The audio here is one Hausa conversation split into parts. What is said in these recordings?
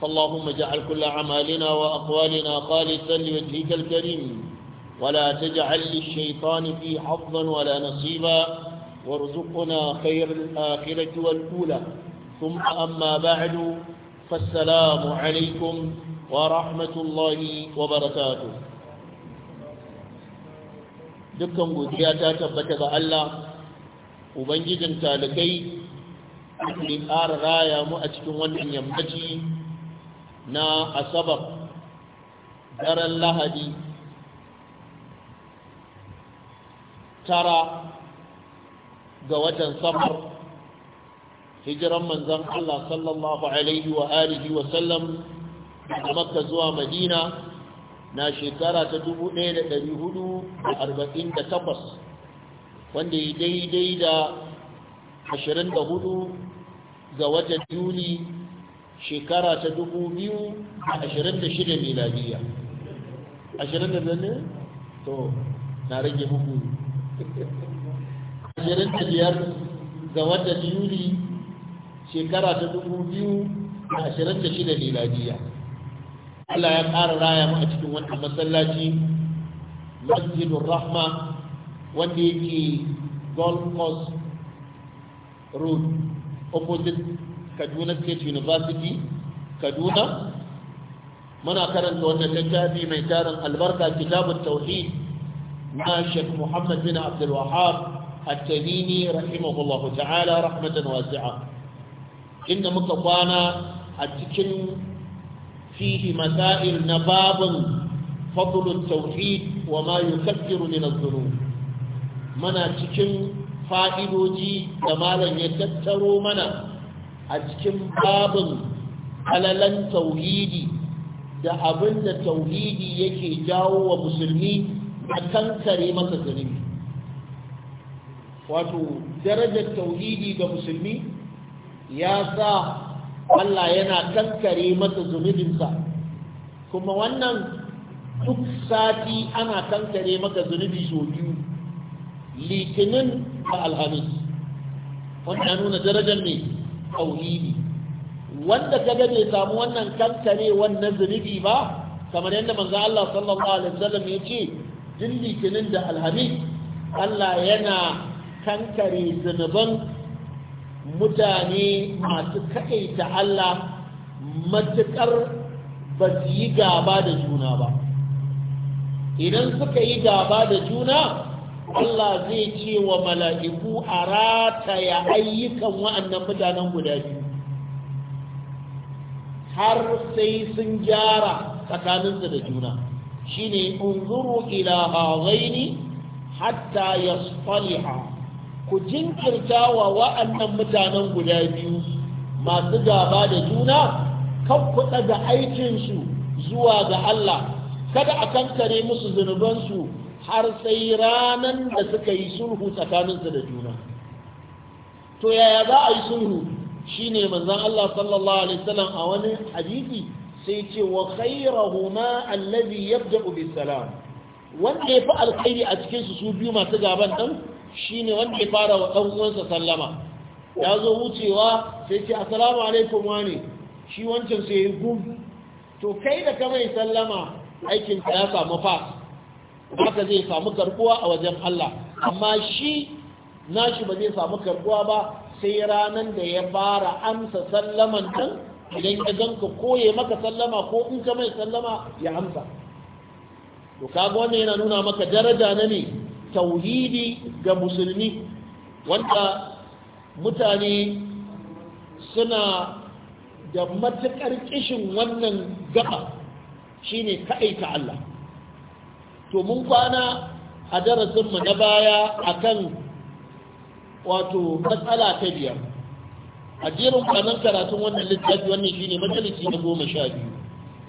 فاللهم اجعل كل أعمالنا وأقوالنا خالصا لوجهك الكريم ولا تجعل للشيطان في حظا ولا نصيبا وارزقنا خير الآخرة والأولى ثم أما بعد فالسلام عليكم ورحمة الله وبركاته دكم godiya ta tabbata وبنجد Allah ubangijin talakai da ƙara raya مؤتكم na asabar daren lahadi tara ga watan safar hijiran manzan Allah sallallahu alaihi wa alihi wa sallam daga makka zuwa madina na shekara ta 1448 wanda ya daidai da 24 ga watan yuli shekara ta 2026 miladiya 25 to na rage hukumi 25 ga watan yuli shekara ta 2026 miladiya Allah ya ƙara raya mu a cikin wannan masallaci masjidun rahma wanda yake gold coast road opposite kaduna state university kaduna muna karanta wannan littafi mai tarin albarka kitabun tauhid na Sheikh Muhammad bin Abdul Wahhab At-Tamimi rahimahullah ta'ala rahmatan wasi'a inda muka kwana a cikin fihi masail na babun fadl tauhid wa ma kaffiru min adh-dhunub Muna cikin fa'idoji da malam ya tattaro mana a cikin babin alalan tauhidi da abin da tauhidi yake jawo wa musulmi a kare masa zunubi wato darajar tauhidi ga musulmi ya sa Allah yana kankare masa zunubinsa kuma wannan duk sati ana kankare maka zunubi sau biyu litinin da alhamis wanda nuna darajar ne ƙaunini wanda ka ga bai samu wannan kankarewan na zunubi ba kamar yadda manzo Allah sallallahu alaihi wasallam ya ce duk litinin da alhamis Allah yana kankare zunuban mutane masu kaɗaita Allah matuƙar ba su yi gaba da juna ba idan suka yi gaba da juna Allah zai ce wa mala'iku a rataya ayyukan wa'annan mutanen guda biyu har sai sun gyara tsakaninsu da juna shi ne unzuru ila hazaini hatta ya ku jinkirta wa wa'annan mutanen guda biyu masu gaba da juna kan kuɗa ga aikinsu zuwa ga Allah kada a kankare musu zunubansu har sai ranan da suka yi sulhu tsakaninsu da juna to yaya za a yi sulhu shine manzon Allah sallallahu alaihi wasallam a wani hadisi sai ce wa khairuhuma allazi Yabda bis salam wanda ya fi alkhairi a cikin su biyu masu gaban dan shine wanda ya fara wa dan uwansa sallama ya zo wucewa sai ce assalamu alaikum wani shi wancan sai ya gum to kai da ka mai sallama aikin ka ya samu fas haka zai samu karbuwa a wajen Allah amma shi nashi ba zai samu karbuwa ba sai ranan da ya bara amsa sallaman din idan ya ganka ko ya maka sallama ko in ka mai sallama ya amsa to kaga wannan yana nuna maka daraja na ne tauhidi ga musulmi wanda mutane suna da matuƙar kishin wannan gaba shine ta Allah to mun kwana a darasinmu na baya akan wato matsala ta biyar a jerin kwanan karatun wannan littafi wannan shine majalisi na goma sha biyu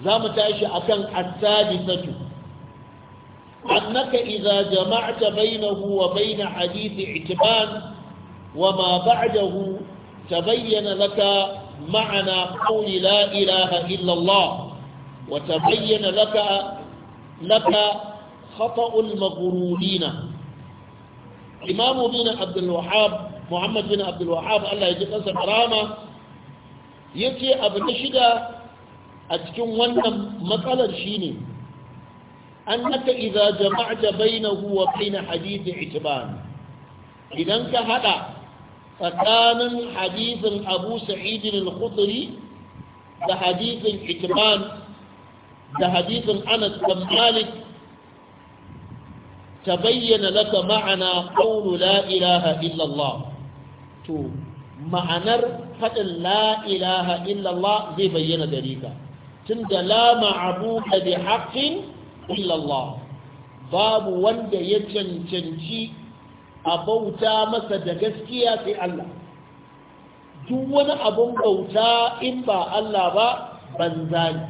za mu tashi akan as-sadisatu annaka idza jama'ta bainahu wa bain hadith i'tiban wa ma ba'dahu tabayyana laka ma'ana qawli la ilaha illa Allah wa tabayyana laka laka khata'ul maghrurina imamu bin abdul muhammad bin abdul Allah ya ji kansa Ya ce abu na shida a cikin wannan matsalar shine annaka jama'a da bainahu wa bain hadith itban idan ka haɗa tsakanin hadithin abu sa'id al-khudri da hadithin itban da hadithin anas bin malik تبين لك معنى قول لا إله إلا الله تو معنى فد لا إله إلا الله زي بينا ذلك تند لا معبود بحق إلا الله باب وند يتنشنشي أبوتا مسد جسكيا في الله duk wani abun bauta in ba Allah ba banza ne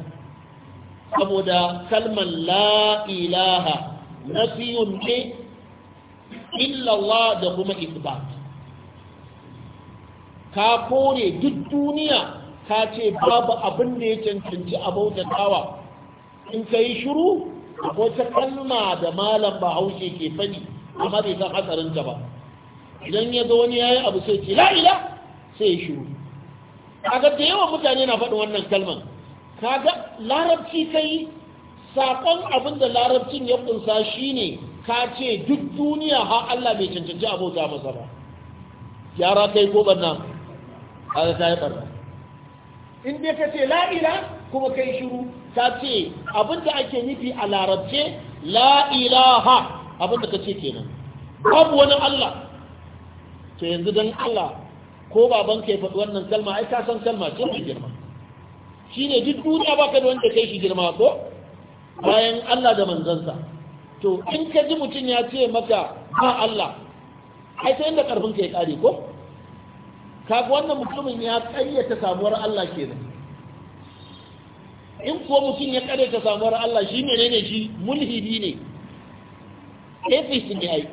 saboda kalmar la ilaha nafiyun ne illallah da kuma isbat ka kore duk duniya ka ce babu abin da ya cancanci a abautatawa in ka yi shiru ta kalma da malam ba haushe ke fadi amma bai san hatsarinta ba idan ya ga wani yayi abu sai ce la'ila sai ya shiru kaga da yawan mutane na faɗin wannan kalman ga larabci yi. saƙon abin da larabcin ya ƙunsa shi ne ka ce duk duniya ha Allah bai cancanci abota masa ba yara kai ko banna a ta yi ɓarna in ka ce la'ila kuma kai shiru ta ce abin da ake nufi a larabce la'ila ha abin da ka ce kenan babu wani Allah Ta yanzu don Allah ko baban ka ya faɗi wannan kalma ai ka san kalma ce mai girma shi ne duk duniya ba ka da wanda kai shi girma ko bayan Allah da manzansa to in ka ji mutum ya ce maka ba Allah ai ta inda ƙarfin ka ya kare ko kaga wannan mutumin ya ta samuwar Allah kenan in kuwa mutum ya ta samuwar Allah shi menene shi mulhidi ne atheist ne ai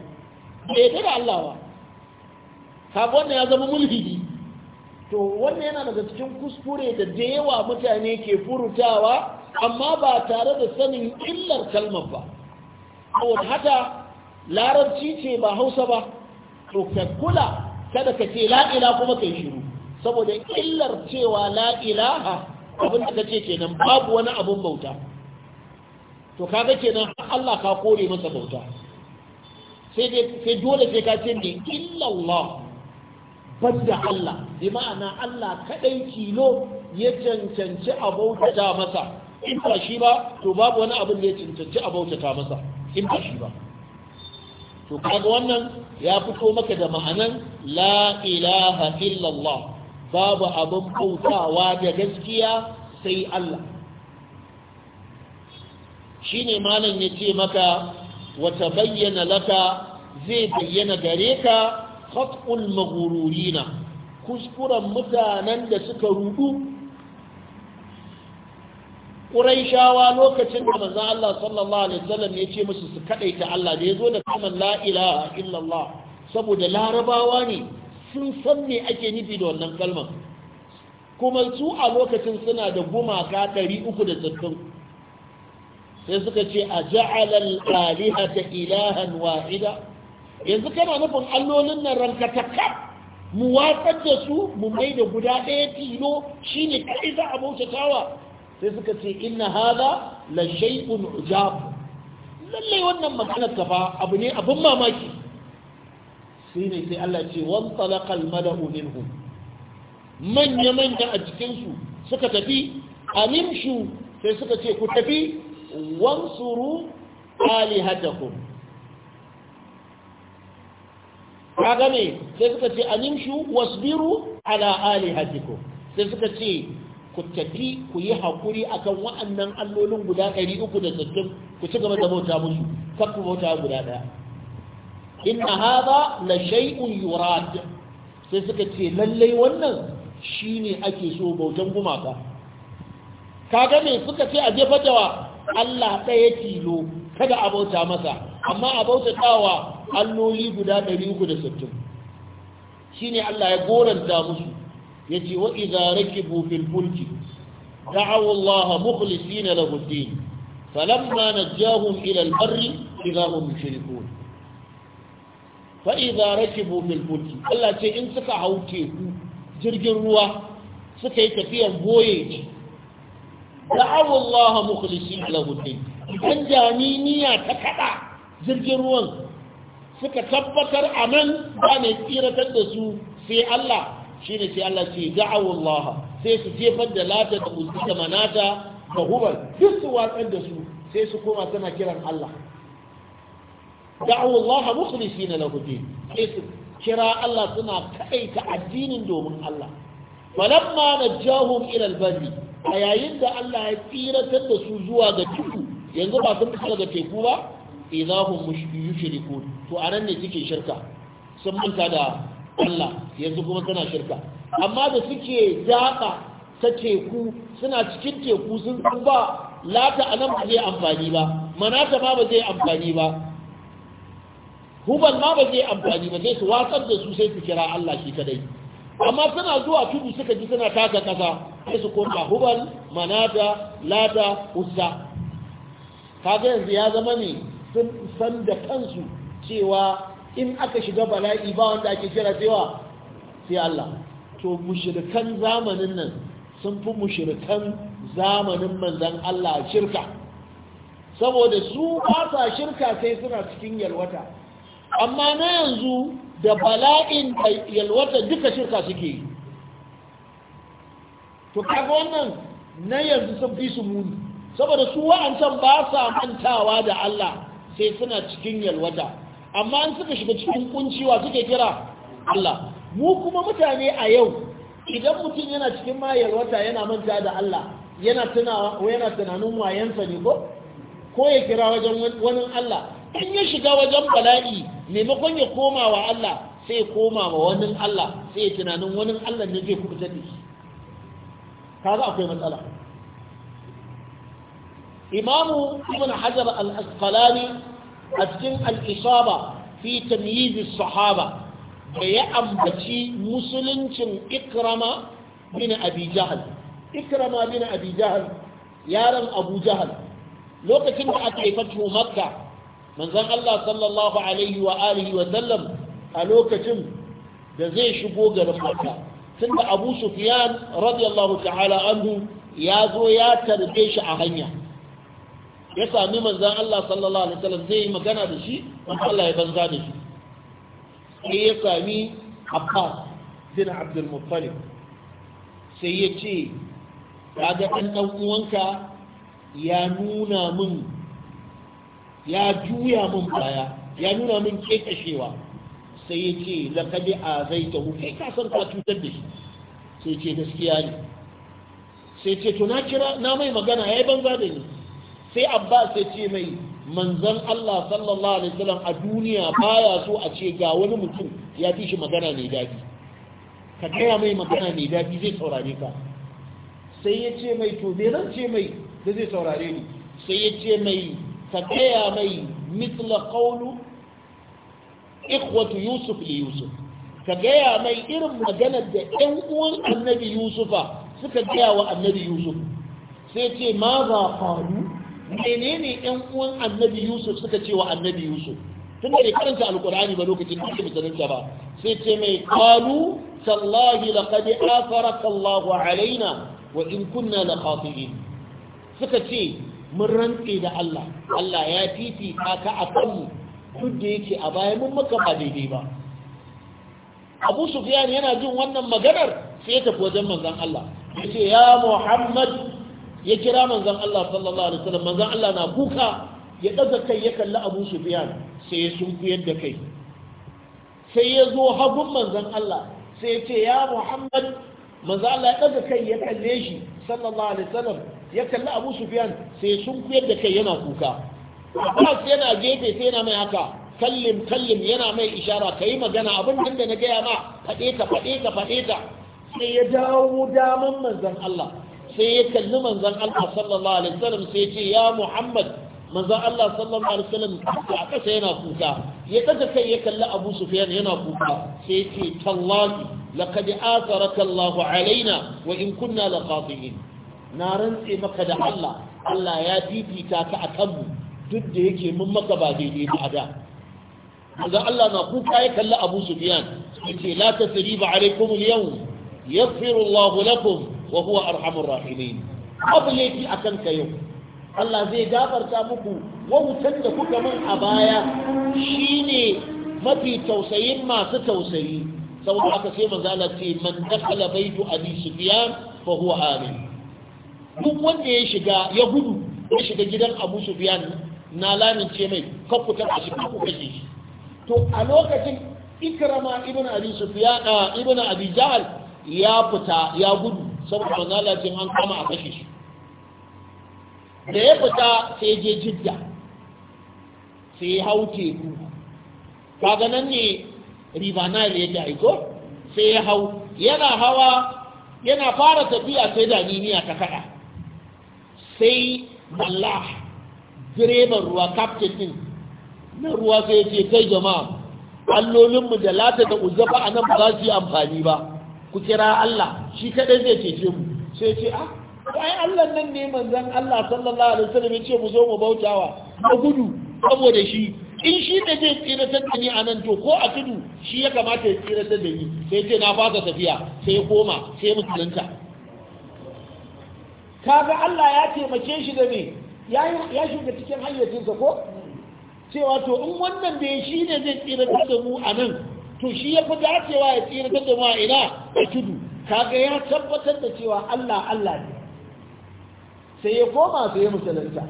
ya da Allah ba kaga wannan ya zama mulhidi to wannan yana daga cikin kuskure da da yawa mutane ke furutawa amma ba tare da sanin illar kalmar ba saboda hata larabci ce ba hausa ba to ka kula kada ka ce la'ila kuma kai shiru saboda illar cewa la'ilaha abin da ka ce kenan babu wani abin bauta to kaga kenan Allah ka kore masa bauta sai dole sai ka ce ne illallah banda Allah bi ma'ana Allah kadai kilo ya cancanci a bauta masa in ba shi ba to babu wani abin da ya cancanci a bautata masa in ba shi ba to kaga wannan ya fito maka da ma'anan la ilaha illallah babu abin bautawa da gaskiya sai Allah shine malam ce maka wata bayyana laka zai bayyana gare ka khat'ul maghururina kuskuren mutanen da suka rudu ƙuraishawa lokacin da maza Allah sallallahu alaihi wasallam ya ce musu su kaɗaita Allah da ya zo da kalmar la illallah saboda larabawa ne sun san me ake nufi da wannan kalmar kuma su a lokacin suna da gumaka 360 sai suka ce a ja'alal alihata ilahan wa'ida. yanzu kana nufin allolin nan rankatakka mu watsar da su mu mai da guda ɗaya tilo shine kai za a bautatawa sai suka ce inna hada la shay'un ujab lallai wannan maganar ka fa abu ne abin mamaki sai ne sai Allah ce wan talaqal mala'u minhum manya manya a cikin su suka tafi animshu sai suka ce ku tafi wansuru alihatakum kaga ne sai suka ce animshu wasbiru ala alihatikum sai suka ce ku tafi ku yi haƙuri akan wa'annan allolin guda 360 ku ci gaba da bauta musu kafin bauta guda ɗaya inna haɗa na shay'un yurad sai suka ce lallai wannan shi ne ake so bautan gumaka kaga ne suka ce a jefa jawa Allah ɗaya tilo kada a bauta masa amma a bauta tawa alloli guda 360 ne Allah ya goranta musu yace wa idza rakibu fil fulki da'aw Allah mukhlisina lahu ad-din falamma najjahum ila al-barri idza hum yushrikun fa idza rakibu fulki Allah ce in suka hau teku jirgin ruwa suka yi tafiyar boye da'aw Allah mukhlisina lahu ad-din idan jaminiya ta kada jirgin ruwan suka tabbatar a nan ba ne tsiratar da su sai Allah shine sai Allah ce da'awu Allah sai su jefar da lata da uzza da manata da hubal duk su watsar da su sai su koma suna kiran Allah da'awu Allah mukhlisina na din sai su kira Allah suna kaita addinin domin Allah falamma najahum ila al a yayin da Allah ya tsiratar da su zuwa ga tudu yanzu ba sun fita daga teku ba idahum mushrikun to anan ne suke shirka sun manta da Allah yanzu kuma tana shirka amma da suke daɓa ta teku suna cikin teku sun ba lata a nan ba zai amfani ba manata ma ba zai amfani ba hubal ma ba zai amfani ba zai su watsar da su sai su kira Allah shi kadai amma suna zuwa tudu suka ji suna taka ƙasa, sai su koma hubal manata lata usa kaga yanzu ya zama ne sun san da kansu cewa in aka shiga bala'i ba wanda ake kira cewa sai Allah to mushrikan zamanin nan sun fi mushrikan zamanin manzan Allah shirka saboda su ba sa shirka sai suna cikin yalwata amma na yanzu da bala'in da yalwata duka shirka suke yi to kaga wannan na yanzu sun fi su muni saboda su wa'ancan ba sa mantawa da Allah sai suna cikin yalwata amma an suka shiga cikin kunciwa suke kira Allah mu kuma mutane a yau idan mutum yana cikin mayar wata yana manta da Allah yana tunawa yana tunanin wayansa ne ko ko ya kira wajen wani Allah in ya shiga wajen bala'i maimakon ya koma wa Allah sai koma wa wani Allah sai ya tunanin wani Allah ne zai kubuta da shi kaga akwai matsala imamu ibn hajar al-asqalani a cikin al'isaba fi tamyizi sahaba da ya ambaci musuluncin ikrama bin abi jahal ikrama bin abi jahal yaron abu jahal lokacin da aka haifatu makka manzon Allah sallallahu alaihi wa alihi wa sallam a lokacin da zai shigo garin makka tunda abu sufyan radiyallahu ta'ala anhu ya zo ya tarbe shi a hanya ya sami manzan Allah sallallahu alaihi wasallam zai yi magana da shi wanda Allah ya banza da shi sai ya sami Abbas bin Abdul Muttalib sai ya ce kaga ɗan ɗan uwanka ya nuna min ya juya min baya ya nuna min kekashewa sai ya ce laƙadi a zai ta kai ka ka cutar da shi sai ce gaskiya ne sai ce to na kira na mai magana ya yi banza da ni sai abbas ya ce mai manzon Allah sallallahu alaihi wasallam a duniya baya so a ce ga wani mutum ya fi shi magana mai daɗi ka gaya mai magana mai daɗi zai saurare ka sai ya ce mai to bai zan ce mai da zai saurare ni sai ya ce mai ka gaya mai mitla qawlu ikhwatu yusuf li yusuf ka gaya mai irin maganar da ɗan uwan annabi yusufa suka gaya wa annabi yusuf sai ce ma za faru menene yan uwan annabi yusuf suka ce wa annabi yusuf tun da karanta alkur'ani ba lokacin da musulunta ba sai ce mai qalu da laqad afara Allahu alaina wa in kunna la khati'in suka ce mun rantse da Allah Allah ya titi ka akan mu. duk da yake a baya mun maka ba daidai ba Abu Sufyan yana jin wannan maganar sai ya tafi wajen manzon Allah yace ya Muhammad ya kira Manzan Allah sallallahu alaihi wasallam Manzan Allah na kuka ya daga kai ya kalli Abu biyan sai ya sunkuyar da kai sai ya zo hagun Manzan Allah sai ya ce ya Muhammad Manzan Allah ya daga kai ya kalle shi sallallahu alaihi wasallam ya kalli Abu biyan sai ya sunkuyar da kai yana kuka Abbas yana gefe sai yana mai haka kallim kallim yana mai ishara ka yi magana abin da na gaya ma faɗe ka faɗe ka faɗe ka sai ya dawo daman Manzan Allah sai ya kalli manzan Allah sallallahu alaihi wasallam sai ya ce ya Muhammad manzon Allah sallallahu alaihi wasallam a kasa yana kuka ya daga kai ya kalli Abu Sufyan yana kuka sai ya ce tallahi laqad atharaka Allahu alaina wa in kunna laqati'in na rantse maka da Allah Allah ya fifita ka akan mu duk da yake mun maka ba daidai ba a da manzon Allah na kuka ya kalli Abu Sufyan ya ce la tasriba alaikum al-yawm yaghfiru Allahu lakum wa huwa arhamur rahimin abu laifi akan ka yau Allah zai gafarta muku wautar da kuka min a baya shine mafi tausayin masu tausayi saboda aka sai manzala ce man dakhala baitu abi sufyan fa huwa amin duk wanda ya shiga ya gudu ya shiga gidan abu sufyan na lamin ce mai ka fita a shi ku kashe shi to a lokacin ikrama ibn abi sufyan ibn abi jahl ya fita ya gudu saboda manzala an kama a kashe shi da ya fita sai je jidda sai ya hau teku ga nan ne riba na yake aiko sai ya hau yana hawa yana fara tafiya sai da daniniya ta kada sai mallah direban ruwa captain na ruwa sai ce kai jama'a allolinmu da lati da uzza anan ba za su yi amfani ba ku kira Allah shi kaɗai zai cece mu sai ce a ah, ai Allah nan ne manzan Allah sallallahu alaihi wasallam ya ce mu zo mu bautawa A gudu saboda shi in shi da zai tsiratar da ni a nan to ko a tudu shi ya kamata ya tsiratar da ni sai ce na fasa tafiya sai koma sai musulunta kaga Allah ya taimake shi da me ya shiga cikin hayyacinsa ko cewa to in wannan da ya shi ne zai tsiratar da mu a nan to shi ya fi dacewa ya tsiratar da mu a ina a tudu kaga ya tabbatar da cewa Allah Allah ne sai ya koma sai ya musulunta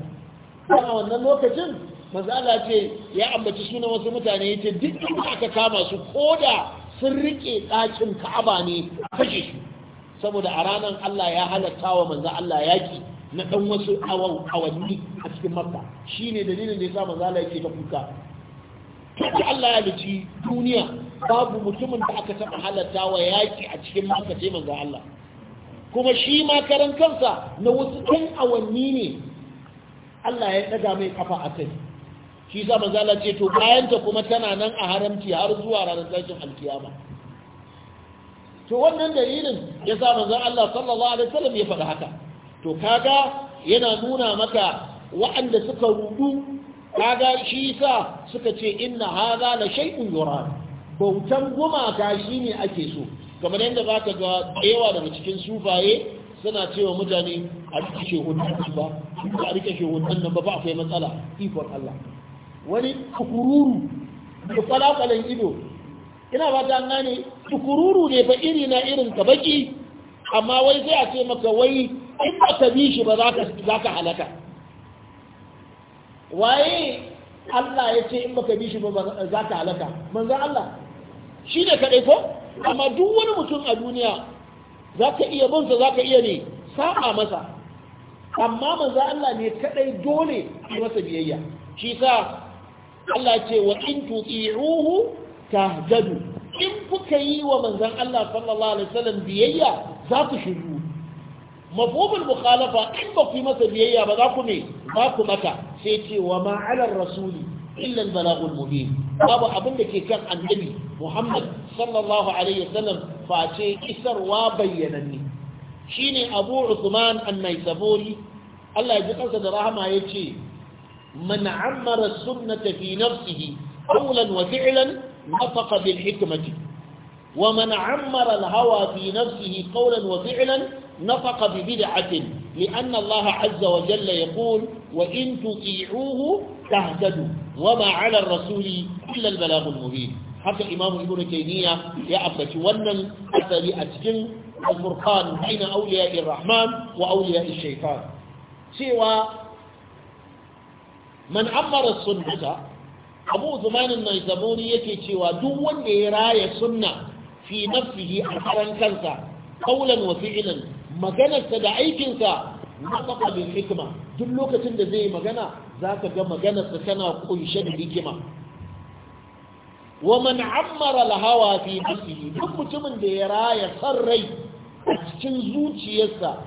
kuma wannan lokacin mazala ce ya ambaci sunan wasu mutane yace duk inda aka kama su koda sun rike ɗakin ka'aba ne a kashe shi saboda a ranar Allah ya halatta wa manzo Allah yaki na ɗan wasu awanni a cikin makka shine dalilin da yasa manzo Allah yake ta kuka Allah ya duniya babu mutumin da aka taɓa halatta wa yaƙi a cikin maka ce manzo Allah kuma shi ma karan kansa na wasu ɗan awanni ne Allah ya ɗaga mai kafa a kai shi sa manzo Allah ce to bayanta kuma tana nan a haramci har zuwa ranar tashin alkiyama to wannan dalilin ya sa manzo Allah sallallahu alaihi wasallam ya faɗa haka to kaga yana nuna maka wa'anda suka rudu kaga shi sa suka ce inna hadha la shay'un yurad bautan gumaka shi ne ake so kamar yadda za ka ga yawa daga cikin sufaye suna cewa mutane a rike shehunan nan ba a rike shehunan nan ba ba akwai matsala ikon Allah wani tukururu da kwalakwalan ido ina ba ta gane tukururu ne fa iri na irin ka baki amma wai sai a ce maka wai in ba ka bi shi ba za ka halaka waye Allah ya ce in ba ka bi shi ba za ka halaka manzan Allah shi ne kaɗai ko amma duk wani mutum a duniya za ka iya bunsa za ka iya ne sa'a masa amma manzo Allah ne kaɗai dole a masa biyayya shi sa Allah ce wa in ta tahdadu in kuka yi wa manzon Allah sallallahu alaihi wasallam biyayya za ku shiru Mafobin mukhalafa in ba ku masa biyayya ba za ku ne ba ku mata sai ce wa ma rasuli illan al-balaghul mubin babu abin da ke kan annabi Muhammad sallallahu alaihi wasallam face isarwa bayyananne shine Abu Usman An-Naisaburi Allah ya ji kansa da rahama yace man ammara sunnata fi nafsihi qawlan wa fi'lan nafaqa bil hikmati wa man ammara al-hawa fi nafsihi qawlan wa fi'lan nafaqa bi bid'atin لأن الله عز وجل يقول وإن تطيعوه تهتدوا وما على الرسول إلا البلاغ المبين حتى إمام ابن تيمية يأبت ونن أثري أتجن الفرقان بين أولياء الرحمن وأولياء الشيطان سوى من أمر السنة أبو زمان النيزابوري يكي سوى دون راية سنة في نفسه أثرا كنسا قولا وفعلا maganarsa da aikinsa nafaqa bil hikima. duk lokacin da zai magana zaka ga maganarsa tana kunshe da hikima wa man ammara lahawa fi nafsihi duk mutumin da ya raya san rai a cikin zuciyarsa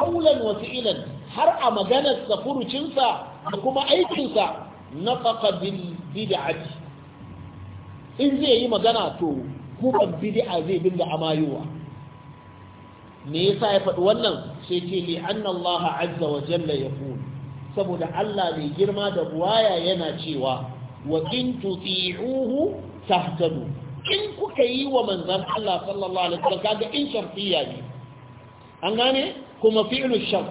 qawlan wa fi'lan har a maganarsa furucinsa da kuma aikinsa nafaqa bil bid'ati in zai yi magana to kuma bid'a zai dinga amayowa me yasa ya faɗi wannan sai ce li anna Allah azza wa jalla ya yaqul saboda Allah mai girma da buwaya yana cewa wa in tuti'uhu tahtadu in kuka yi wa manzan Allah sallallahu alaihi wasallam kaga in shartiya ne an gane kuma fi'lu shart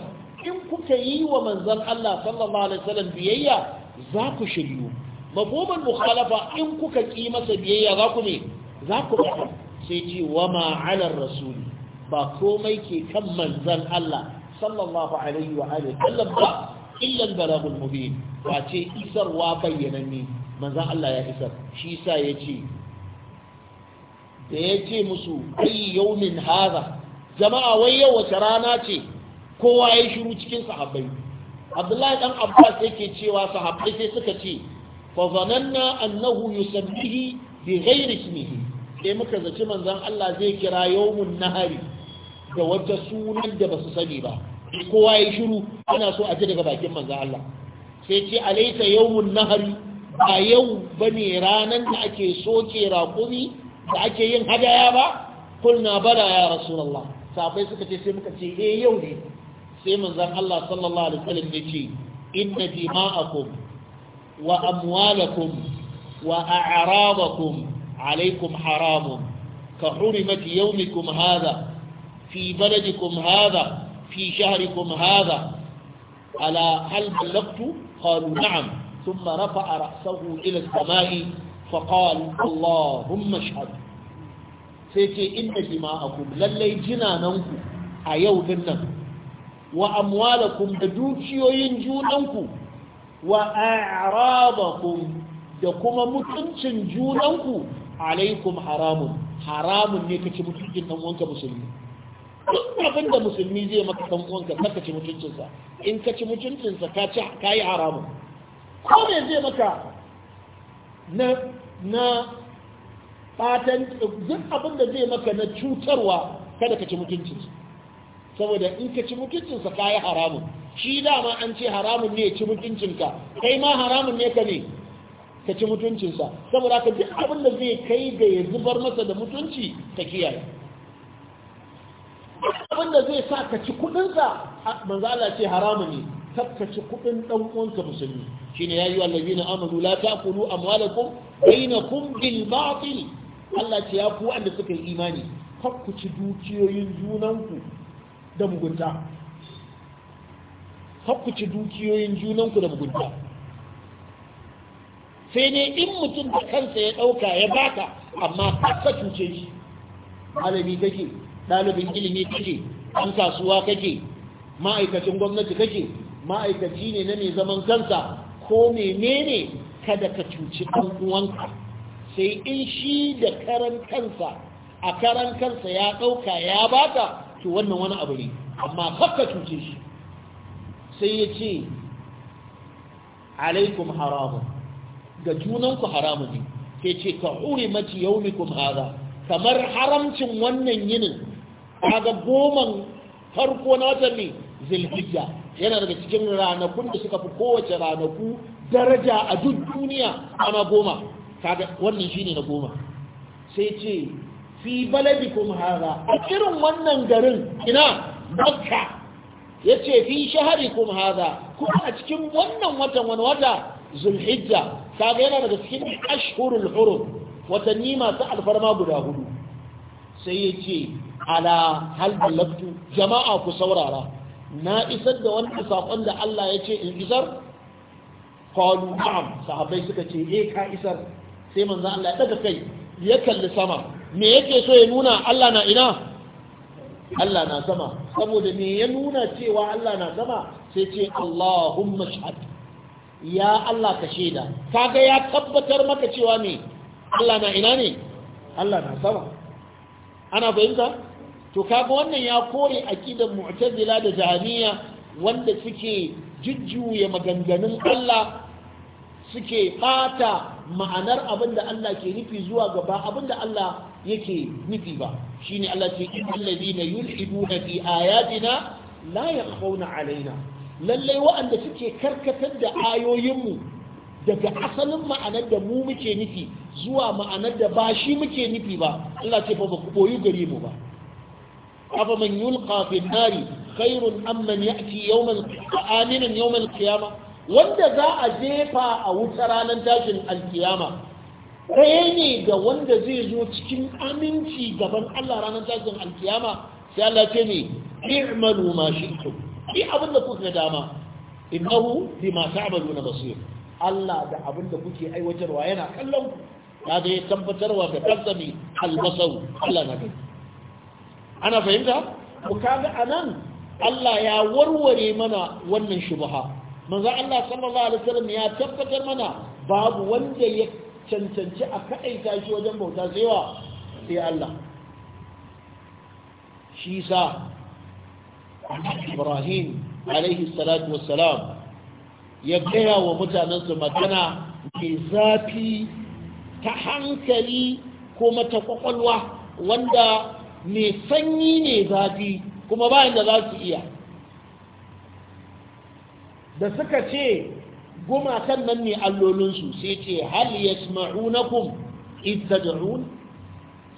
in kuka yi wa manzan Allah sallallahu alaihi wasallam biyayya za ku shiryu mafhumin mukhalafa in kuka ki masa biyayya za ku ne za ku sai ce wa ma 'ala rasuli ba komai ke kan manzan Allah sallallahu alaihi wa alihi sallam ba illa balagul mubin ba ce isarwa bayyananne manzan Allah ya isar shi sa yace da yace musu ayi yawmin hadha jama'a wai yau wace rana ce kowa ya shiru cikin sahabbai Abdullahi dan Abbas yake cewa sahabbai sai suka ce fa zananna annahu yusabbihi bi ghairi ismihi sai muka zaci manzon Allah zai kira yawmun nahari da wata sunan da ba su sani ba kowa ya shiru ana so a ji daga bakin manzan Allah sai ce alaita yawun nahari ba yau bane ranar da ake soke raƙumi da ake yin hadaya ba kulna bara ya rasulullah sabai suka ce sai muka ce eh yau ne sai manzan Allah sallallahu alaihi wasallam ya ce inna dima'akum wa amwalakum wa a'radakum alaikum haramun ka hurmati yawmikum hadha في بلدكم هذا في شهركم هذا على هل بلغت قالوا نعم ثم رفع رأسه إلى السماء فقال اللهم اشهد سيتي إن دماءكم للي جنانكم أيو ذنب وأموالكم بدوشي جونكم وأعراضكم دكم متنشن جونكم عليكم حرام حرام نيكتب متنشن وانك مسلمين duk abin da musulmi zai maka kan uwanka ka ci mutuncinsa in ka ci mutuncinsa ka ci ka yi haramun ko me zai maka na na fatan duk abin da zai maka na cutarwa kada ka ci mutuncinsa saboda in ka ci mutuncinsa ka yi haramun shi dama an ce haramun ne ci mutuncinka kai ma haramun ne ka ne ka ci mutuncinsa saboda ka duk abin da zai kai ga ya zubar masa da mutunci ka kiyaye abin da zai sa ka ci kudinsa a Allah ce haramu ne tabkaci kuɗin ɗan uwanka musulmi shine yayi wallahi na amanu la taqulu amwalakum bainakum bil batil Allah ce ya ku wanda suka yi imani ku ci dukiyoyin junanku da mugunta ku ci dukiyoyin junanku da mugunta sai ne in mutum da kansa ya ɗauka ya baka amma ka cuce shi malami kake ɗalibin ilimi kake an kasuwa kake ma'aikacin gwamnati kake ma'aikaci ne na mai zaman kansa ko menene kada ka cuci ɗan sai in shi da karan kansa a karan kansa ya ɗauka ya baka to wannan wani abu ne amma kakka cuce shi sai ya ce alaikum haramun ga junanku haramun ne Ke ce ka hurimaci yaumikum haza kamar haramcin wannan yinin kaga goman farko na watanni ne yana daga cikin ranakun da suka fi kowace ranaku daraja a duk duniya ana goma kaga wannan shine na goma sai ce fi kuma haza. a irin wannan garin ina makka Ya ce, fi kuma haza. kuma a cikin wannan watan wani wata zulhijja kaga yana daga cikin ashhurul hurum watanni masu alfarma guda hudu sai ya ce ala halbin laftu jama'a ku saurara na isar da wani saƙon da Allah ya ce in isar kwalu na'am sahabai suka ce eh ka isar sai manzan Allah ya daga kai ya kalli sama me yake so ya nuna Allah na ina Allah na sama saboda me ya nuna cewa Allah na sama sai ce Allahumma shahad ya Allah ka shaida kaga ya tabbatar maka cewa ne Allah na ina ne Allah na sama ana fahimta to kaga wannan ya kore aqidar mu'tazila da jahmiya wanda suke jujjuya maganganun Allah suke bata ma'anar abin da Allah ke nufi zuwa gaba abin da Allah yake nufi ba shine Allah ce allazina yulhiduna fi ayatina la yakhawna alaina lallai waɗanda suke karkatar da ayoyinmu daga asalin ma'anar da mu muke nufi zuwa ma'anar da ba shi muke nufi ba Allah ce fa ba ku koyi gare mu ba afa man yulqa fi nari khairun am man ya'ti yawman aminan yawman qiyama wanda za a jefa a wuta ranar tashin alkiyama ɗaya ne ga wanda zai zo cikin aminci gaban Allah ranar tashin alkiyama sai Allah ce ne i'malu ma shi'tum yi abin da kuka dama innahu bima ta'maluna basir Allah da abin da kuke aiwatarwa yana kallon ku ya zai tabbatarwa da kansa ne albasau Allah na gani ana fahimta ku kaga anan Allah ya warware mana wannan shubha manzo Allah sallallahu alaihi wasallam ya tabbatar mana babu wanda ya cancanci a kaɗaita shi wajen bauta tsewa sai Allah shi sa Ibrahim alaihi salatu wassalam ya gaya wa mutanensu magana mai zafi ta hankali kuma ta kwakwalwa wanda mai sanyi ne zafi kuma bayan da za su iya da suka ce gumakan nan ne allolinsu sai ce hal yasma'unakum id tad'un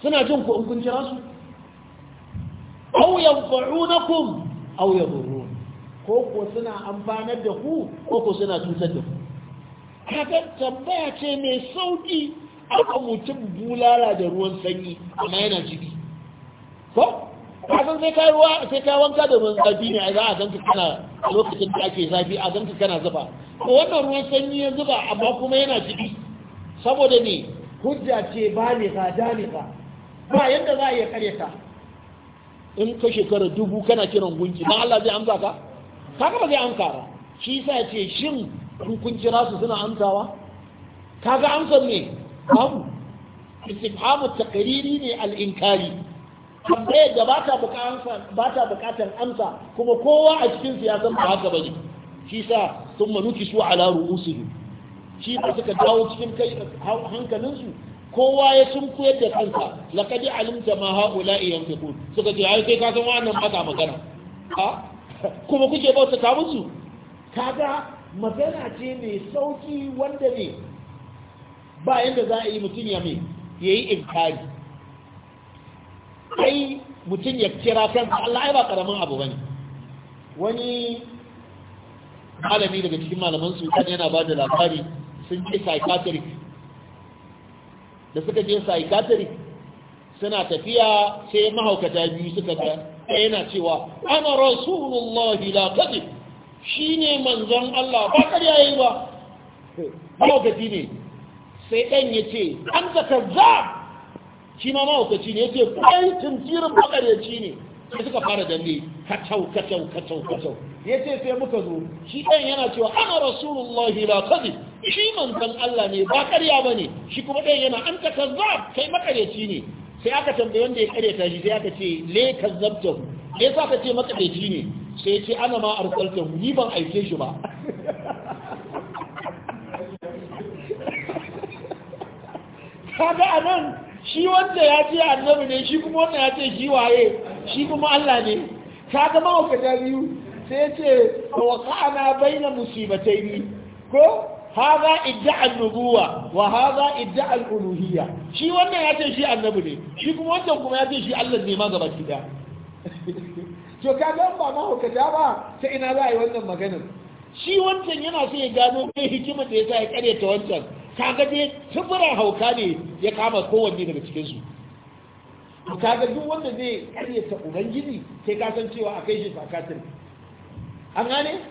suna jin ku in kun kira su aw yanfa'unakum aw yadurrun ko ko suna amfanar da ku ko ko suna cutar da ku kaga tambaya ce mai sauki aka mutum bulala da ruwan sanyi amma yana jiki ko kasan sai kai ruwa sai kai wanka da ruwan zafi ne a za a kana lokacin da ake zafi a ganka kana zuba ko wannan ruwan sanyi ya zuba amma kuma yana jiki saboda ne hujja ce ba ne ga dani ba yadda za a iya karyata in ka shekara dubu kana kiran gunki Don Allah zai amsa ka kaga ba zai amsa ba shi sa ya ce shin in kun jira su suna amsawa kaga amsar ne babu istifhamu taqriri ne al-inkari tambayar da ba ta bukatar amsa kuma kowa a cikin san ba haka bane shi sa sun manuki su ala ru'usihi shi ba suka dawo cikin kai su? kowa ya sun koyar da kansa laqad alimta ma haula'i yanfiqun suka ce ai kai ka san wannan ba magana kuma kuke bautata musu kaga magana ce mai sauki wanda ne ba yadda za a yi mutum ya mai ya yi inkari ai mutum ya kira kansa Allah ai ba karamin abu bane wani malami daga cikin malaman su kan yana ba da labari sun ce psychiatric da suka je psychiatric suna tafiya sai mahaukata biyu suka ga yana cewa ana rasulullah la Shi ne manzon Allah ba ƙarya yi ba mawukaci ne sai ɗan ya ce an ka kazzab shi ma mawukaci ne ya ce ƙwai tuntirin makaryaci ne sai suka fara danne kacau kacau kacau kacau ya ce sai muka zo shi ɗan yana cewa ana rasulullahi la kazi shi manzan Allah ne ba karya ba ne shi kuma ɗan yana an ka kazzab kai makaryaci ne sai aka tambaye wanda ya karyata shi sai aka ce le ku me sa ka ce makadaici ne sai ya ce ana ma ku ni ban aike shi ba kaga nan shi wanda ya ce annabi ne shi kuma wanda ya ce shi waye shi kuma Allah ne kaga mahaukata biyu sai ya ce wa waqa'ana baina musibatai ko haza idda annubuwa wa haza idda al'uluhiyya shi wannan ya ce shi annabi ne shi kuma wannan kuma ya ce shi Allah ne ma gaba ki da to ka ga ba ma hukata ba sai ina za a yi wannan maganar shi wancan yana so ya gano kai hikima da yasa ya kare ta wancan kaga dai tuburan hauka ne ya kama kowanne daga cikin su kaga duk wanda zai kare ta ubangiji sai ka san cewa akai shi sakatin an gane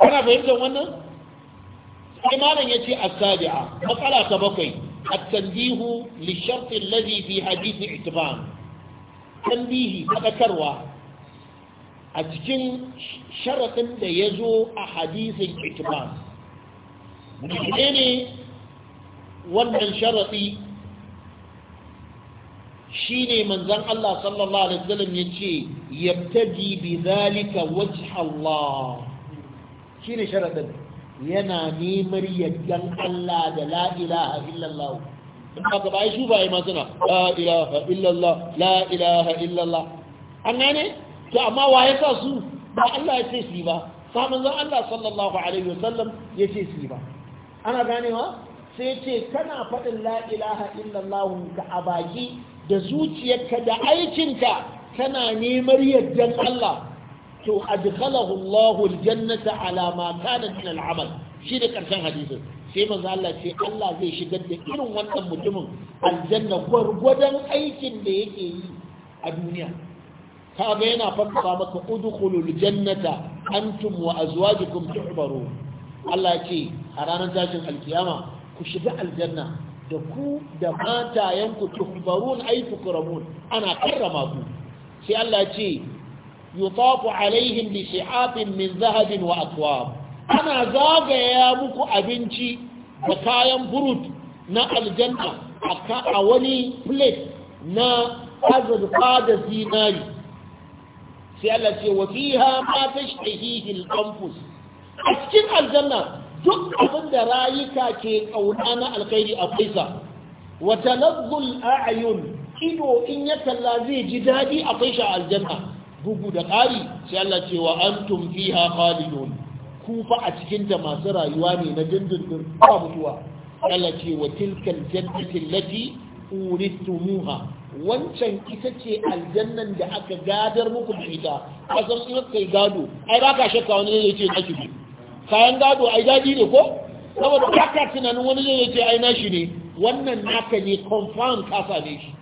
ana fahimtar wannan sai malam yace as-sabi'a matsala ta bakwai at-tanbihu li shart alladhi fi hadith i'tiban tanbihi fadakarwa a cikin sharaɗin da ya zo a hadisin itibar ne wannan sharaɗi shi ne manzan Allah sallallahu Alaihi wasallam ya ce yabtaji bi zalika wajh Allah shi ne sharaɗin yana nemar yaddan Allah da la ilaha illallah in ba ga illallah illallah an gane amma wa ya sa su ba Allah ya ce su ba samun zan Allah sallallahu alaihi wasallam ya ce su ba ana ganewa sai ce kana faɗin la illallah ka a baki da zuciyarka da aikinka tana nemar yaddan Allah to adkhalahu Allahu aljannata ala ma kana min al'amal shi da karshen hadisin sai manzo Allah ce Allah zai shigar da irin wannan mutumin aljanna gwargwadon aikin da yake yi a duniya kaga yana fassara maka udkhulul jannata antum wa azwajukum tuhbarun Allah ya ce a ranar tashin alkiyama ku shiga aljanna da ku da ku tuhbarun ay tukramun ana karrama ku sai Allah ya ce يطاف عليهم بشعاب من ذهب وأكواب أنا زاغ يا مكو أبنتي وكايا فرد نا الجنة أكا أولي بلد نا أزرقا زيناري سيالة وفيها ما تشتهيه الأنفس أسكن الجنة duk abin da rayuka ke ƙauna na alkhairi a faisa wata lazzul a'ayun ido in ya kalla zai ji daɗi a faisha aljanna bugu da ƙari sai Allah ce wa antum fiha khalidun ku fa a cikin ta masu rayuwa ne na dindindin ba mutuwa Allah ce wa tilkal jannati allati uritumuha wancan ita ce aljannan da aka gadar muku da ita kasan in kai gado ai ba ka shakka wani zai ce na ki kayan gado ai dadi ne ko saboda ba tunanin wani zai ce ai na ne wannan naka ne confirm ka same shi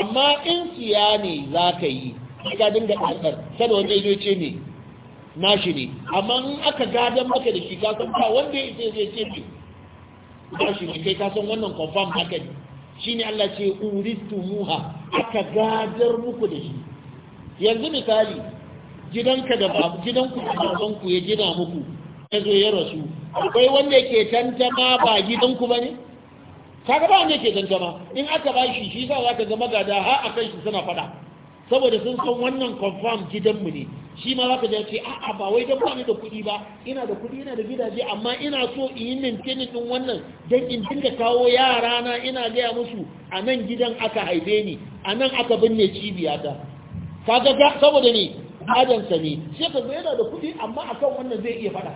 amma in siya ne za ka yi gadin ka dinga ɗansar wanda ya ce ne nashi ne amma in aka gadon maka da shi ka san ba wanda ya zai ce ne nashi ne kai ka san wannan confam haka ne ne Allah ce uristu muha aka gadar muku da shi yanzu misali gidanka da ba gidanku da babanku ya gina muku ya zo ya rasu akwai wanda ke tantama ba gidanku ba ne kaga ba wanda ke tantama in aka ba shi shi sa za ka zama magada har a kai shi suna fada saboda sun san wannan confirm gidanmu ne shi ma zaka je ce a'a ba wai dan bani da kuɗi ba ina da kuɗi ina da gidaje amma ina so in yi maintaining din wannan dan in dinga kawo yara na ina gaya musu a nan gidan aka haife ni a nan aka binne cibiyata kaga saboda ne adansa ne sai ka yana da kuɗi amma akan wannan zai iya faɗa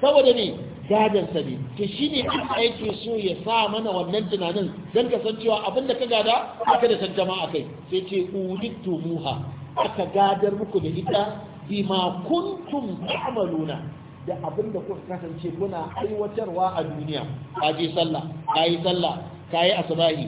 saboda ne gadansa ne to shi ne Allah yake so ya sa mana wannan tunanin don kasancewa abin da ka gada aka da tantama a kai sai ce udittu muha aka gadar muku da ita bima kuntum ta'maluna da abin da kuka kasance kuna aiwatarwa a duniya ka je sallah ka yi sallah ka yi asabahi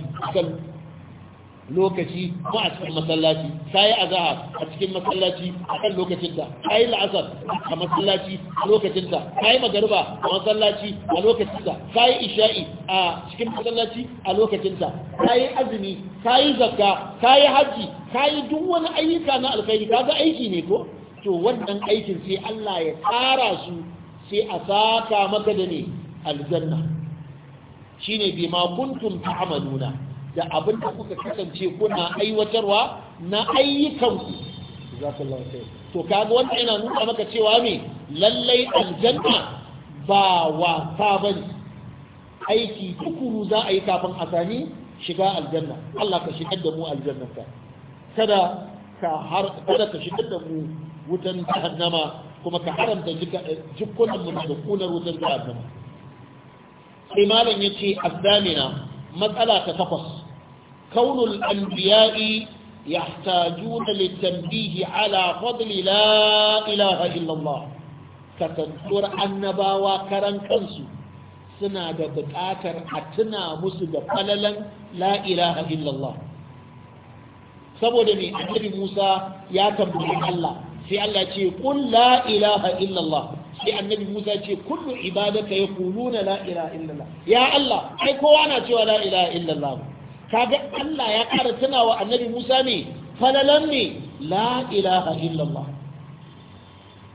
lokaci ko a cikin masallaci ta yi azahar a cikin masallaci a kan lokacinta ta yi la'asar a masallaci a lokacinta ta yi magarba a masallaci a lokacinta ta yi isha'i a cikin masallaci a lokacinta ta yi azumi ta yi zakka ta yi haji ta yi duk wani ayyuka na alkhairi ta ga aiki ne ko to wannan aikin sai Allah ya tsara su sai a saka maka da ne aljanna shine bima kuntum ta'maluna da abin da kuka kasance kuna aiwatarwa na ayyukanku to kaga wanda yana nuna maka cewa me lallai aljanna ba wasa bane aiki tukuru za a yi kafin a sami shiga aljanna Allah ka shigar da mu aljannarka kada ka har kada ka shigar da mu wutan jahannama kuma ka haramta jikunan mu da kunar wutan jahannama sai malam yace azdamina matsala ta takwas كون الأنبياء يحتاجون للتنبيه على فضل لا إله إلا الله كتنور النبا وكرن كنسو سنة بتآكر أتنا مسد فللا لا إله إلا الله saboda ne annabi Musa ya tambayi Allah sai Allah ce kun la ilaha illallah sai annabi Musa ce kullu ibadaka yaquluna la ilaha illallah ya Allah ai kowa na cewa la ilaha illallah kaga Allah ya ƙara tunawa annabi Musa ne falalan ne la ilaha illallah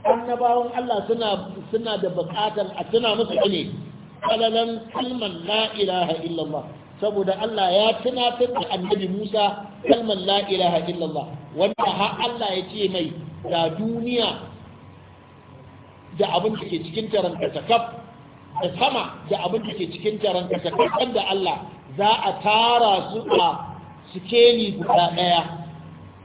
annabawan Allah suna suna da buƙatar a tuna musu ne falalan kalman la ilaha illallah saboda Allah ya tunatar da annabi Musa kalman la ilaha illallah wanda har Allah ya ce mai da duniya da abin da ke cikin taron kaf da sama da abin da ke cikin taron kaf da Allah za a tara su a sikeli guda ɗaya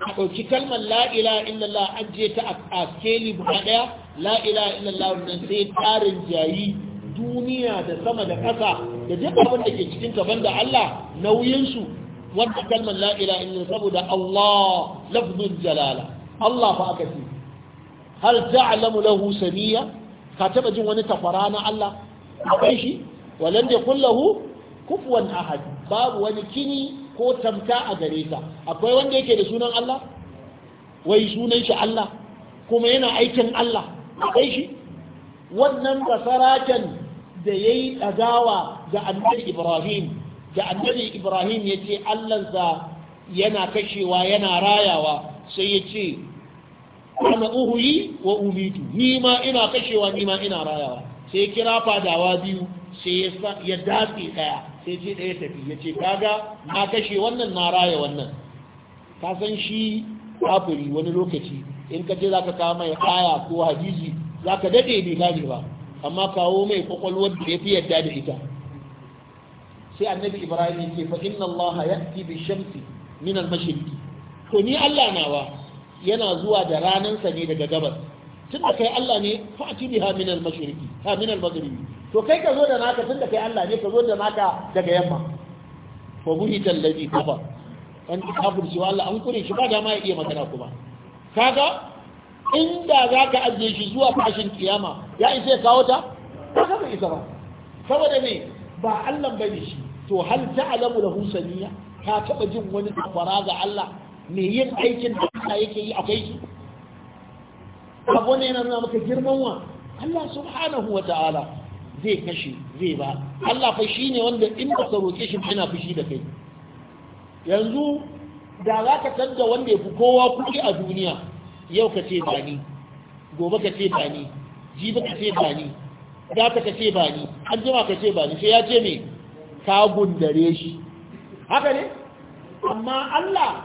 a ɗauki kalmar la'ila illallah an je ta a sikeli guda ɗaya la'ila illallah wannan sai tarin jayi duniya da sama da ƙasa da duk abin da ke cikin gaban da Allah nauyinsu wanda kalmar la'ila illallah saboda Allah lafzul jalala Allah fa aka fi. hal ta'lamu lahu samiya ka taɓa jin wani takwara na Allah akwai shi walan da kullahu kufuwan ahad babu wani kini ko tamka a gare ka akwai wanda yake da sunan Allah wai sunan shi Allah kuma yana aikin Allah akwai shi wannan basaraken da yayi dagawa ga annabi Ibrahim da annabi Ibrahim yace Allahnsa yana kashewa yana rayawa sai yace ana uhuyi wa umitu ni ma ina kashewa ni ma ina rayawa sai kira fadawa biyu sai ya datse daya sai ce ɗaya tafi ya ce kaga na kashe wannan na raya wannan ka san shi kafiri wani lokaci in ka ce za ka kawo mai aya ko hadisi za ka daɗe bai gane ba amma kawo mai kwakwalwar da ya fi yadda da ita sai annabi ibrahim ya ce fa allah ya ti bi shamsi min al to ni allah nawa yana zuwa da ranansa ne daga gabas tun da kai allah ne fa ati biha min ha min al to kai ka zo da naka tunda kai Allah ne ka zo da naka daga yamma fa buhi tallabi kafa an kafir shi Allah an kure shi ba da ma ya iya magana kuma kaga inda zaka ajiye shi zuwa fashin kiyama ya isa kawo ta kaga bai isa ba saboda ne ba Allah bane shi to hal ta'lamu lahu saniya ka taba jin wani kafara ga Allah me yin aikin da Allah yake yi akwai shi abu ne na nuna maka girman wa Allah subhanahu wa ta'ala zai kashe zai ba Allah fa ne wanda in ba sa roke shi ina fushi da kai yanzu da za ka canza wanda ya fi kowa kuɗi a duniya yau ka ce ba ni gobe ka ce ba ni jibi ka ce ba ni gata ka ce ba ni an jima ka ce ba ni sai ya ce me ka gundare shi haka ne amma Allah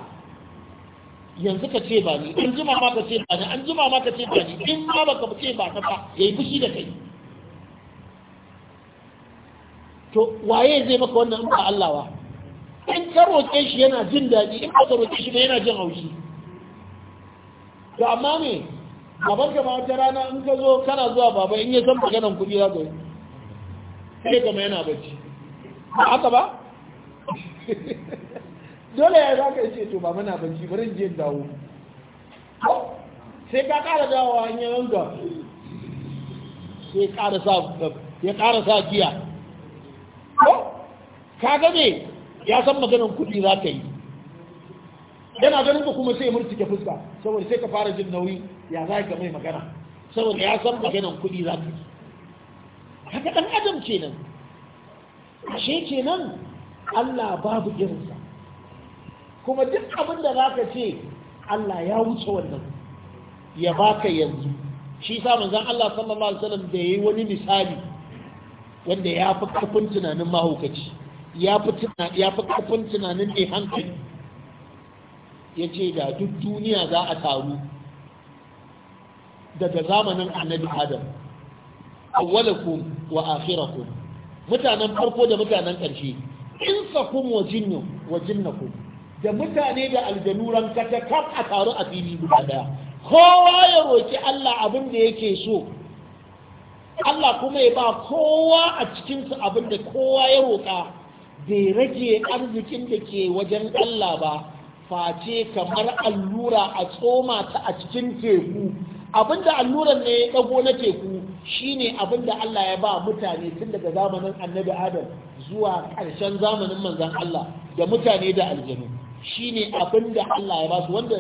yanzu ka ce ba ni an jima ma ka ce ba ni an jima ma ka ce ba ni in ma baka ce ba ka ba yayi fushi da kai to waye zai maka wannan in ba Allah wa. in ka roƙe shi yana jin daɗi in ka roƙe shi yana jin haushi to amma me baban ka ma wata rana in ka zo kana zuwa baba in ya san maganan kuɗi za ka yi sai kama yana bacci ba haka ba dole ya za ka yi ce to ba mana bacci bari je dawo sai ka ƙara dawowa in yi ranka sai ya ƙara sa giya ka gane ya san maganin kuɗi za ka yi yana ganin ka kuma sai murtike fuska saboda sai ka fara jin nauyi ya za ka mai magana saboda ya san maganin kuɗi za ka yi haka ɗan adam kenan ashe kenan Allah babu irinsa kuma duk abin da za ka ce Allah ya wuce wannan ya baka yanzu shi sa manzon Allah sallallahu alaihi wasallam da yayi wani misali wanda ya fi karfin tunanin mahaukaci ya fi ƙarfin tunanin mai hankali ya ce da duk duniya za a taru daga zamanin annabi adam awwalakum wa akhirakum mutanen farko da mutanen ƙarshe In insakum wa jinnu wa jinnakum da mutane da aljanu rankata kaf a taru a fili guda daya kowa ya roƙi Allah abin da yake so Allah kuma ya ba kowa a cikinsu abin da kowa ya roƙa bai rage arzikin da ke wajen Allah ba face kamar allura a tsoma ta a cikin teku abinda alluran ne ya ɗago na teku shine abinda Allah ya ba mutane tun daga zamanin annabi Adam zuwa ƙarshen zamanin manzan Allah da mutane da aljanu shine abinda Allah ya ba su wanda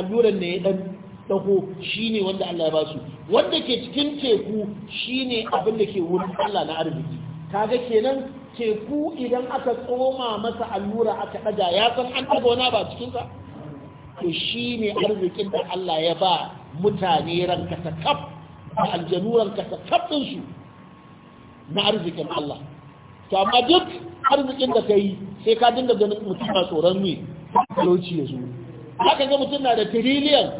alluran ne ya ɗan dago shine wanda Allah ya ba su wanda ke cikin teku shine abinda ke wurin Allah na arziki kaga kenan teku idan aka tsoma masa allura aka ɗaga ya san an ɗaga wani ba cikinsa to shi ne arzikin da Allah ya ba mutane ranka ta kaf da aljanu ranka ta kaf ɗinsu na arzikin Allah to amma duk arzikin da ka yi sai ka dinga ganin mutum na tsoron ne talauci ya zo haka ga mutum na da tiriliyan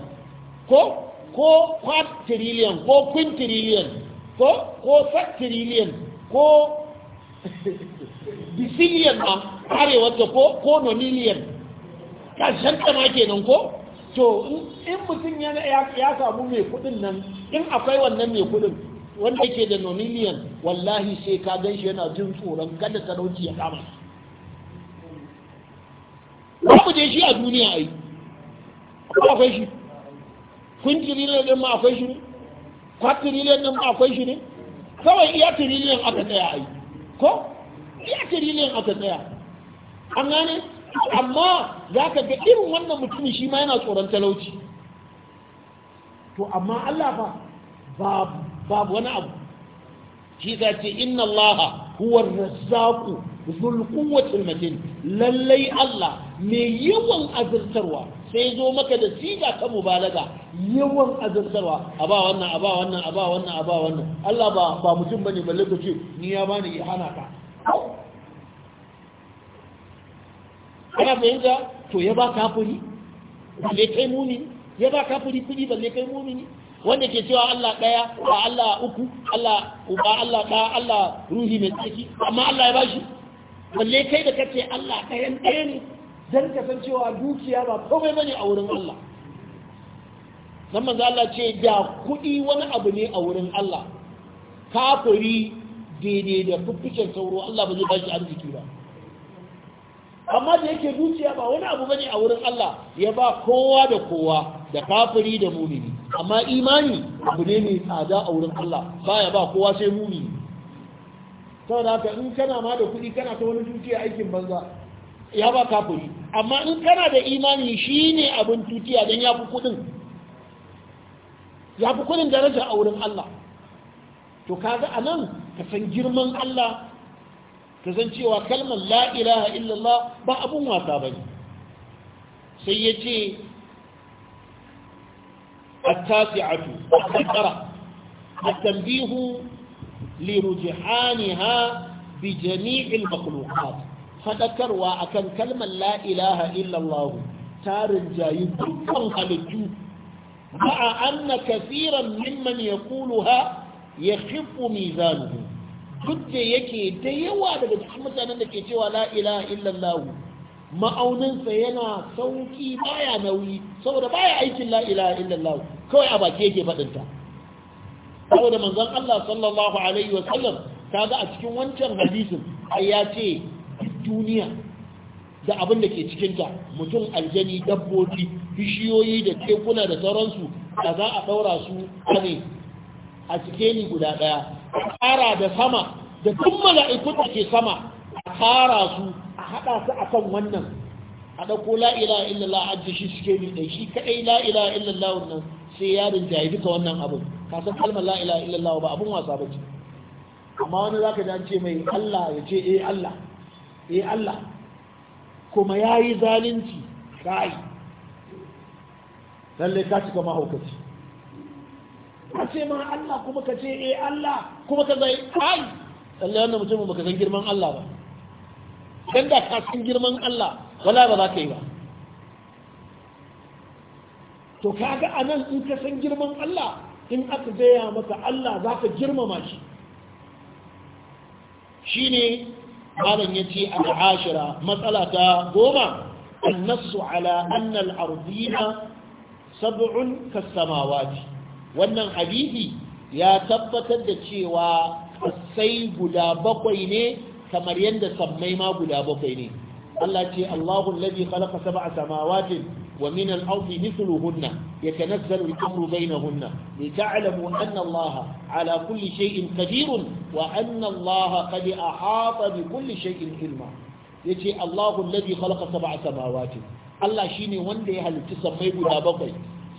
ko ko kwat tiriliyan ko kwin tiriliyan ko ko sat tiriliyan ko bisiliyan ma arewa ta ko ko nomiliyan ƙarshen ke kenan ko to in mutum ya samu mai kudin nan in akwai wannan mai kudin wanda ke da nomiliyan wallahi sai ka gan shi yana jin tsoron kada talauci ya kama babu da shi a duniya ai ko akwai shi kun tiriliyan din ma akwai shi ne kwa tiriliyan din ma akwai shi ne kawai iya tiriliyan aka tsaya ai ko ya shiri ne aka tsaya an gane amma za ka ga irin wannan mutumin shi ma yana tsoron talauci to amma Allah babu wani abu shi ta ce inna Allah huwa razzaqu zul quwwatil matin lallai Allah mai yawan azurtarwa sai zo maka da siga ta mubalaga yawan azabtarwa a ba wannan a ba wannan a ba wannan a ba wannan Allah ba ba mutum bane balle ka ce ni ya bani ya hana ka ana fahimta to ya ba kafiri balle kai muni ya ba kafiri kudi balle kai muni wanda ke cewa Allah daya ba Allah uku Allah uba Allah da Allah ruhi mai tsaki amma Allah ya bashi balle kai da kace Allah dayan ɗaya ne dan kasancewa dukiya ba komai bane a wurin Allah dan manzo Allah ce da kudi wani abu ne a wurin Allah kafiri daidai da fuffuken sauro Allah ba zai ba shi arziki ba amma da yake dukiya ba wani abu bane a wurin Allah ya ba kowa da kowa da kafiri da mumini amma imani abu ne mai tsada a wurin Allah baya ba kowa sai mumini saboda haka in kana ma da kudi kana ta wani dukiya aikin banza ya ba kafuri amma in kana da imani shi ne abin tutiya don ya fi kudin ya fi kudin daraja a wurin Allah to kaga a nan ka san girman Allah ka san cewa kalmar la'ilaha illallah ba abun wasa ba ne sai ya ce التاسعة الذكرة ha bi بجميع المخلوقات Fadakarwa akan kalmar la ilaha illallah ta rinjayi dukkan halittu ma'a anna kafiran mimman ya hifu mizanuhu duk da yake da yawa daga cikin mutanen da ke cewa la ilaha illallah ma'auninsa yana sauki baya nauyi saboda baya aikin la ilaha illallah kawai a baki yake faɗinta saboda manzon Allah sallallahu alaihi wa sallam kaga a cikin wancan hadisin ai ya ce duniya da abin da ke cikinta mutum aljani dabbobi bishiyoyi da tekuna da sauransu da za a ɗaura su ne a ni guda ɗaya ƙara da sama da duk mala'ikun da ke sama a ƙara su a haɗa su a kan wannan a ɗauko la'ila illallah a shi ni da shi kaɗai la'ila illallah wannan sai yarin yi duka wannan abin kasan kalmar la'ila illallah ba abin wasa ba ce amma wani za ka ce mai allah ya ce eh allah eh Allah kuma ya yi zalunci kai lalle ka cika mahaukaci ka ce ma Allah kuma ka ce eh Allah kuma ka zai kai lalle wannan mutumin ka san girman Allah ba dan da ka san girman Allah wala ba za ka yi ba to kaga anan in ka san girman Allah in aka gaya maka Allah za ka girmama shi shine malam ya ce al'ashira matsala ta goma annasu ala annal ardina sab'un kasamawati wannan hadisi ya tabbatar da cewa sai guda bakwai ne kamar yadda sammai ma guda bakwai ne Allah ce Allahu allazi khalaqa sab'a samawati ومن الأرض مثلهن يتنزل الأمر بينهن لتعلموا أن الله على كل شيء قدير وأن الله قد أحاط بكل شيء علما يجي الله الذي خلق سبع سماوات الله شيني وندي هل تسمي بلا بقي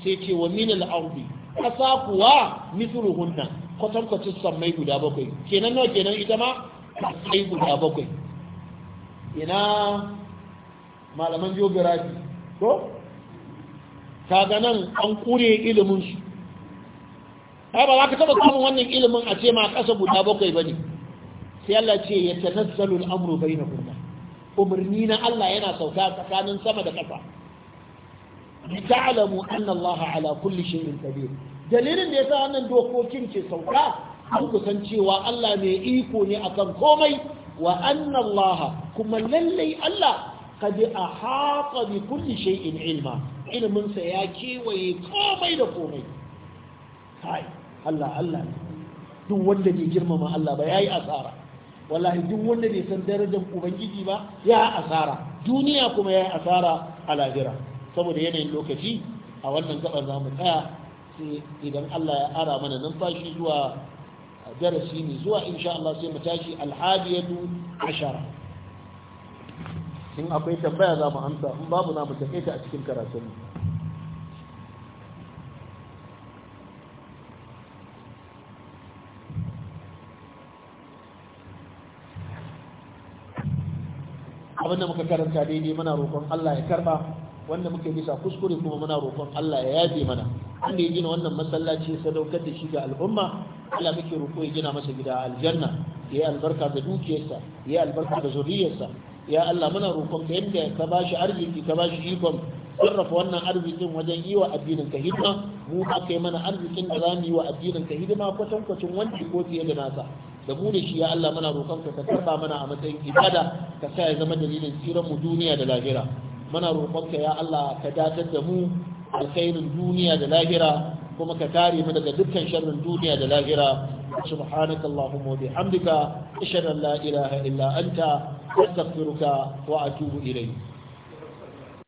سيتي ومن الأرض أساقوا مثلهن قتل قتل سمي بلا بقي كنا نو كنا إتما سمي بلا بقي ina malaman geography ko kaga nan an kure ilminsu. su ai ba za ka taba samun wannan ilimin a ce ma kasa guda bakwai bane sai Allah ce ya tanazzalu al-amru bainakum umarni na Allah yana sauka tsakanin sama da ƙasa ta'lamu anna Allah ala kulli shirin qadir dalilin da ya sa wannan dokokin ke sauka an kusan cewa Allah mai iko ne akan komai wa anna Allah kuma lallai Allah qad ahata bi kulli shay'in ilma ilmin sa ya kewaye komai da komai kai Allah Allah duk wanda bai girmama Allah ba yayi asara wallahi duk wanda bai san darajar ubangiji ba ya asara duniya kuma ya yi asara a lahira saboda yanayin lokaci a wannan gaban za mu tsaya sai idan Allah ya ara mana numfashi zuwa darasi ne zuwa insha Allah sai mu tashi alhadiyatu ashara in akwai tambaya za mu amsa in babu zamu mu ta a cikin karatun abinda muka karanta daidai muna roƙon Allah ya karba wanda muke bisa kuskure kuma muna roƙon Allah ya yaje mana wanda ya gina wannan masallaci sadaukar da shi ga al'umma Allah muke roƙo ya gina masa gida aljanna ya albarka da dukiyarsa ya albarka da zuriyarsa ya Allah muna roƙon ka yadda ka ba shi arziki ka ba shi ikon sarrafa wannan arzikin wajen yi wa addinin ka hidima mu aka yi mana arzikin da za mu yi wa addinin ka hidima kwatan kwacin wanci ko fiye da nasa da mu shi ya Allah muna roƙon ka ka karba mana a matsayin ibada ka sa ya zama dalilin tsiran mu duniya da lahira muna roƙon ka ya Allah ka datar da mu alkhairin duniya da lahira kuma ka kare mu daga dukkan sharrin duniya da lahira subhanakallahumma wa bihamdika ashhadu an la ilaha illa anta astaghfiruka wa atubu irai